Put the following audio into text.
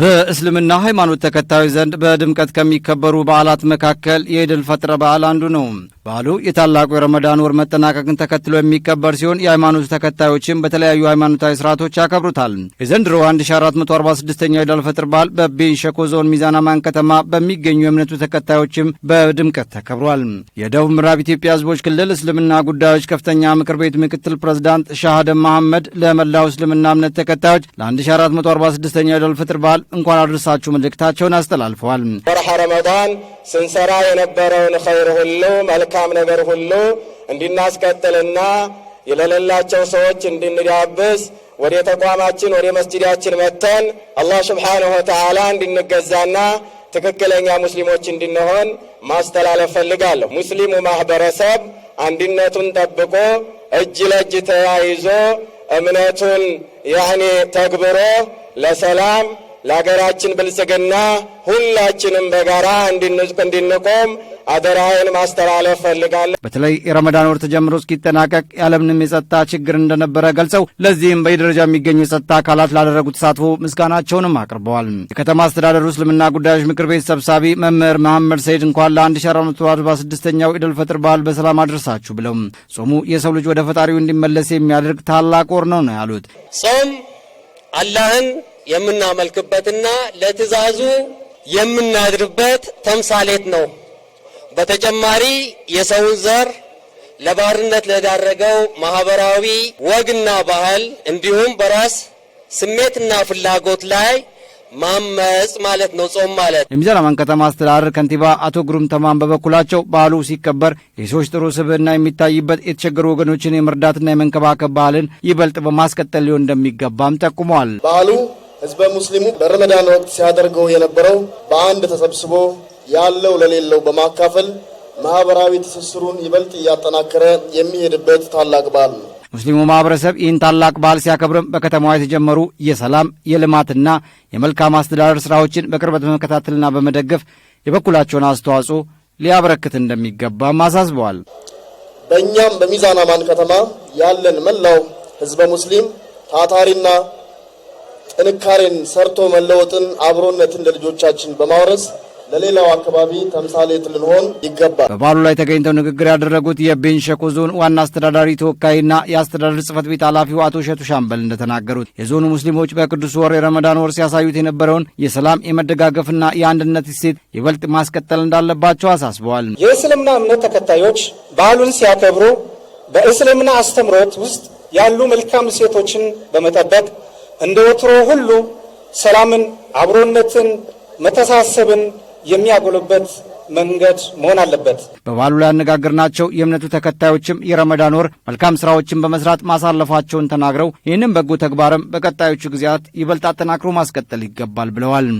በእስልምና ሃይማኖት ተከታዮች ዘንድ በድምቀት ከሚከበሩ በዓላት መካከል የኢድል ፈጥረ በዓል አንዱ ነው። በዓሉ የታላቁ የረመዳን ወር መጠናቀቅን ተከትሎ የሚከበር ሲሆን የሃይማኖት ተከታዮችም በተለያዩ ሃይማኖታዊ ስርዓቶች ያከብሩታል። የዘንድሮ 1446ኛው የኢዳል ፈጥር በዓል ሸኮ ዞን ሚዛን አማን ከተማ በሚገኙ የእምነቱ ተከታዮችም በድምቀት ተከብሯል። የደቡብ ምዕራብ ኢትዮጵያ ህዝቦች ክልል እስልምና ጉዳዮች ከፍተኛ ምክር ቤት ምክትል ፕሬዝዳንት ሻሃደ መሐመድ ለመላው እስልምና እምነት ተከታዮች ለ1446ኛው የኢዳል ፈጥር በዓል እንኳን አድርሳችሁ መልእክታቸውን አስተላልፈዋል። ወርሃ ረመዳን ስንሰራ የነበረውን ኸይር ሁሉ መልካም ነገር ሁሉ እንድናስቀጥልና የሌላቸው ሰዎች እንድንዳብስ ወደ ተቋማችን ወደ መስጂዳችን መጥተን አላህ ስብሓንሁ ወተዓላ እንድንገዛና ትክክለኛ ሙስሊሞች እንድንሆን ማስተላለፍ ፈልጋለሁ። ሙስሊሙ ማህበረሰብ አንድነቱን ጠብቆ እጅ ለእጅ ተያይዞ እምነቱን ያኔ ተግብሮ ለሰላም ለሀገራችን ብልጽግና ሁላችንም በጋራ እንድንቆም አደራዬን ማስተላለፍ ፈልጋለሁ። በተለይ የረመዳን ወር ተጀምሮ እስኪጠናቀቅ ያለምንም የጸጥታ ችግር እንደነበረ ገልጸው ለዚህም በየደረጃ የሚገኙ የጸጥታ አካላት ላደረጉት ተሳትፎ ምስጋናቸውንም አቅርበዋል። የከተማ አስተዳደሩ እስልምና ጉዳዮች ምክር ቤት ሰብሳቢ መምህር መሐመድ ሰይድ እንኳን ለ1446ኛው ኢደል ፈጥር በዓል በሰላም አድርሳችሁ ብለው ጾሙ የሰው ልጅ ወደ ፈጣሪው እንዲመለስ የሚያደርግ ታላቅ ወር ነው ነው ያሉት ጾም አላህን የምናመልክበትና ለትዛዙ የምናድርበት ተምሳሌት ነው። በተጨማሪ የሰውን ዘር ለባርነት ለዳረገው ማህበራዊ ወግና ባህል እንዲሁም በራስ ስሜትና ፍላጎት ላይ ማመጽ ማለት ነው ጾም ማለት። የሚዘራማን ከተማ አስተዳደር ከንቲባ አቶ ግሩም ተማን በበኩላቸው በዓሉ ሲከበር የሰዎች ጥሩ ስብዕና የሚታይበት የተቸገሩ ወገኖችን የመርዳትና የመንከባከብ ባህልን ይበልጥ በማስቀጠል ሊሆን እንደሚገባም ጠቁመዋል። በዓሉ ህዝበ ሙስሊሙ በረመዳን ወቅት ሲያደርገው የነበረው በአንድ ተሰብስቦ ያለው ለሌለው በማካፈል ማህበራዊ ትስስሩን ይበልጥ እያጠናከረ የሚሄድበት ታላቅ በዓል ነው። ሙስሊሙ ማህበረሰብ ይህን ታላቅ በዓል ሲያከብርም በከተማዋ የተጀመሩ የሰላም የልማትና የመልካም አስተዳደር ስራዎችን በቅርበት በመከታተልና በመደገፍ የበኩላቸውን አስተዋጽኦ ሊያበረክት እንደሚገባም አሳስበዋል። በእኛም በሚዛን አማን ከተማ ያለን መላው ህዝበ ሙስሊም ታታሪና ጥንካሬን ሰርቶ መለወጥን፣ አብሮነትን ለልጆቻችን በማውረስ ለሌላው አካባቢ ተምሳሌት ልንሆን ይገባል። በበዓሉ ላይ ተገኝተው ንግግር ያደረጉት የቤንች ሸኮ ዞን ዋና አስተዳዳሪ ተወካይና የአስተዳደር ጽሕፈት ቤት ኃላፊው አቶ ሸቱ ሻምበል እንደተናገሩት የዞኑ ሙስሊሞች በቅዱስ ወር የረመዳን ወር ሲያሳዩት የነበረውን የሰላም የመደጋገፍና የአንድነት እሴት ይበልጥ ማስቀጠል እንዳለባቸው አሳስበዋል። የእስልምና እምነት ተከታዮች በዓሉን ሲያከብሩ በእስልምና አስተምሮት ውስጥ ያሉ መልካም እሴቶችን በመጠበቅ እንደ ወትሮ ሁሉ ሰላምን፣ አብሮነትን፣ መተሳሰብን የሚያጎሉበት መንገድ መሆን አለበት። በባሉ ላይ ያነጋገርናቸው የእምነቱ ተከታዮችም የረመዳን ወር መልካም ስራዎችን በመስራት ማሳለፋቸውን ተናግረው ይህንም በጎ ተግባርም በቀጣዮቹ ጊዜያት ይበልጥ አጠናክሮ ማስቀጠል ይገባል ብለዋል።